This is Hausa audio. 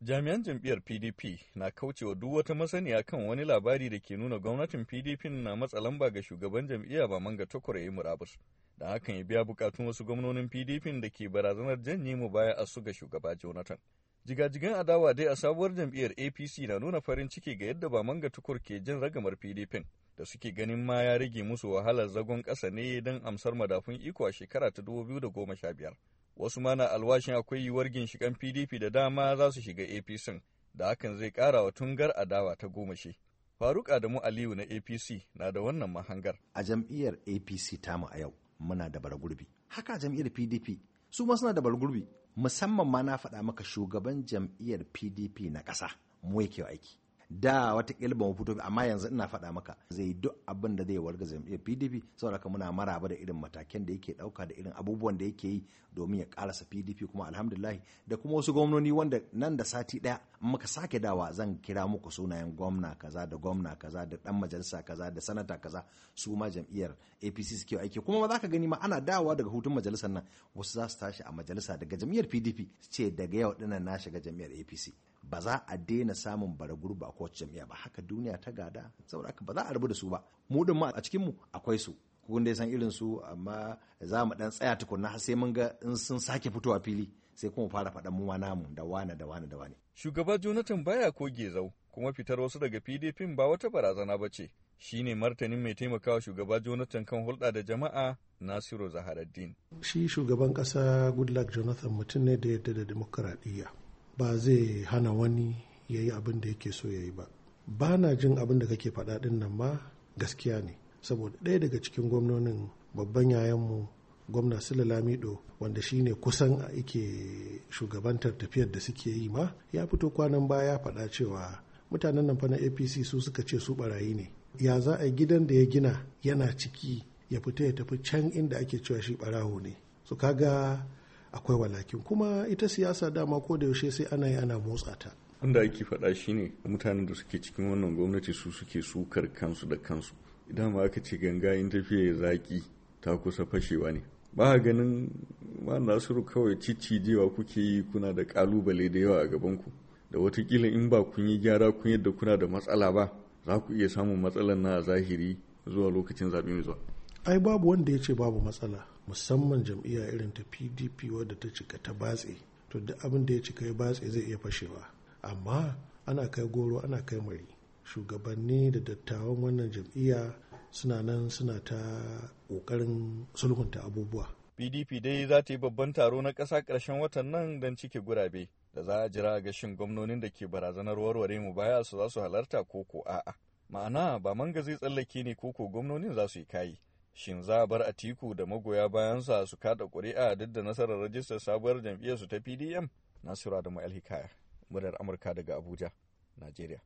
Jami'an jam'iyyar PDP na kaucewa duk wata masaniya kan wani labari da ke nuna gwamnatin PDP na matsa lamba ga shugaban jam'iyya ba manga takwara yi murabus. Da hakan ya biya bukatun wasu gwamnonin PDP da ke barazanar janye mu baya a su ga shugaba Jonathan. Jigajigan adawa dai a sabuwar jam'iyyar APC na nuna farin ciki ga yadda ba manga takwar ke jin ragamar PDP da suke ganin ma ya rage musu wahalar zagon ƙasa ne don amsar madafun iko a shekara ta dubu biyu da goma sha biyar. wasu mana alwashin akwai yiwuwar ginshikan pdp da dama za su shiga apc da hakan zai ƙara wa tungar adawa ta goma shi faruk adamu aliyu na apc na da wannan mahangar a jam'iyyar apc tamu a yau muna da bargurbi haka jam'iyyar pdp su ma suna da bargurbi musamman ma na faɗa maka shugaban jam'iyyar pdp na ƙasa mu yake aiki da wata ba mu fito amma yanzu ina faɗa maka zai duk abin da zai warga jam'iyyar pdp saboda ka muna maraba da irin mataken da yake dauka da irin abubuwan da yake yi domin ya karasa pdp kuma alhamdulahi da kuma wasu gwamnoni wanda nan da sati daya muka sake dawa zan kira muku sunayen gwamna kaza da gwamna kaza da dan majalisa kaza da sanata kaza su ma jam'iyyar apc suke aiki kuma ma za ka gani ma ana dawa daga hutun majalisar nan wasu za su tashi a majalisa daga jam'iyyar pdp ce daga yau dinnan na shiga jam'iyyar apc ba za a daina samun bara gurba ko jami'a ba haka duniya ta gada saboda haka ba za a rabu da su ba mu din ma a cikin mu akwai su kun dai san irin su amma za mu dan tsaya tukunna har sai mun ga in sun sake fitowa fili sai kuma fara faɗan mu namu da wane da wane da wane shugaba Jonathan baya ko gezau kuma fitar wasu daga PDP ba wata barazana ba ce shine martanin mai taimakawa shugaba Jonathan kan hulɗa da jama'a Nasiru Zaharaddin shi shugaban ƙasa Goodluck Jonathan mutum ne da yadda da demokradiyya ba zai hana wani ya yi abin da yake so ya yi ba ba na jin abin da kake faɗa ɗin nan ma gaskiya ne saboda ɗaya daga cikin gwamnonin babban yayanmu gwamna sule lamido wanda shi ne kusan ake shugabantar tafiyar da suke yi ma ya fito kwanan baya ya faɗa cewa mutanen nan fa na apc su suka ce su barayi ne ya za a gidan da ya gina yana ciki ya fita ya tafi can inda ake cewa shi ɓarawo ne su kaga akwai walakin kuma ita siyasa dama ko da yaushe sai ana yi ana motsa ta wanda ake faɗa shine mutanen da suke cikin wannan gwamnati su suke sukar kansu da kansu idan ma aka ce ganga in tafiya ya zaki ta kusa fashewa ne ba ganin ma nasiru kawai ciccijewa kuke yi kuna da kalubale da yawa a gaban ku da watakila in ba kun yi gyara kun yadda kuna da matsala ba za ku iya samun matsalar na a zahiri zuwa lokacin zaɓe mai zuwa ai babu wanda ya ce babu matsala musamman jam'iyya irin ta pdp wadda ta cika ta batse to duk abin da ya cika ya batse zai iya fashewa amma ana kai goro ana kai mari shugabanni da dattawan wannan jam'iyya suna nan suna ta ƙoƙarin sulhunta abubuwa pdp dai za ta yi babban taro na ƙasa ƙarshen watan nan don cike gurabe da za a jira ga shin gwamnonin da ke barazanar warware mu baya su za su halarta ko ko a'a ma'ana ba manga zai tsallake ne ko ko gwamnonin za su yi kayi shin za a bar Atiku da magoya bayansa su kada ƙuri'a duk da nasarar rajistar sabuwar jam'iyyarsu ta PDM? Nasiru Adamu Alhikaya, muryar Amurka daga Abuja, Najeriya.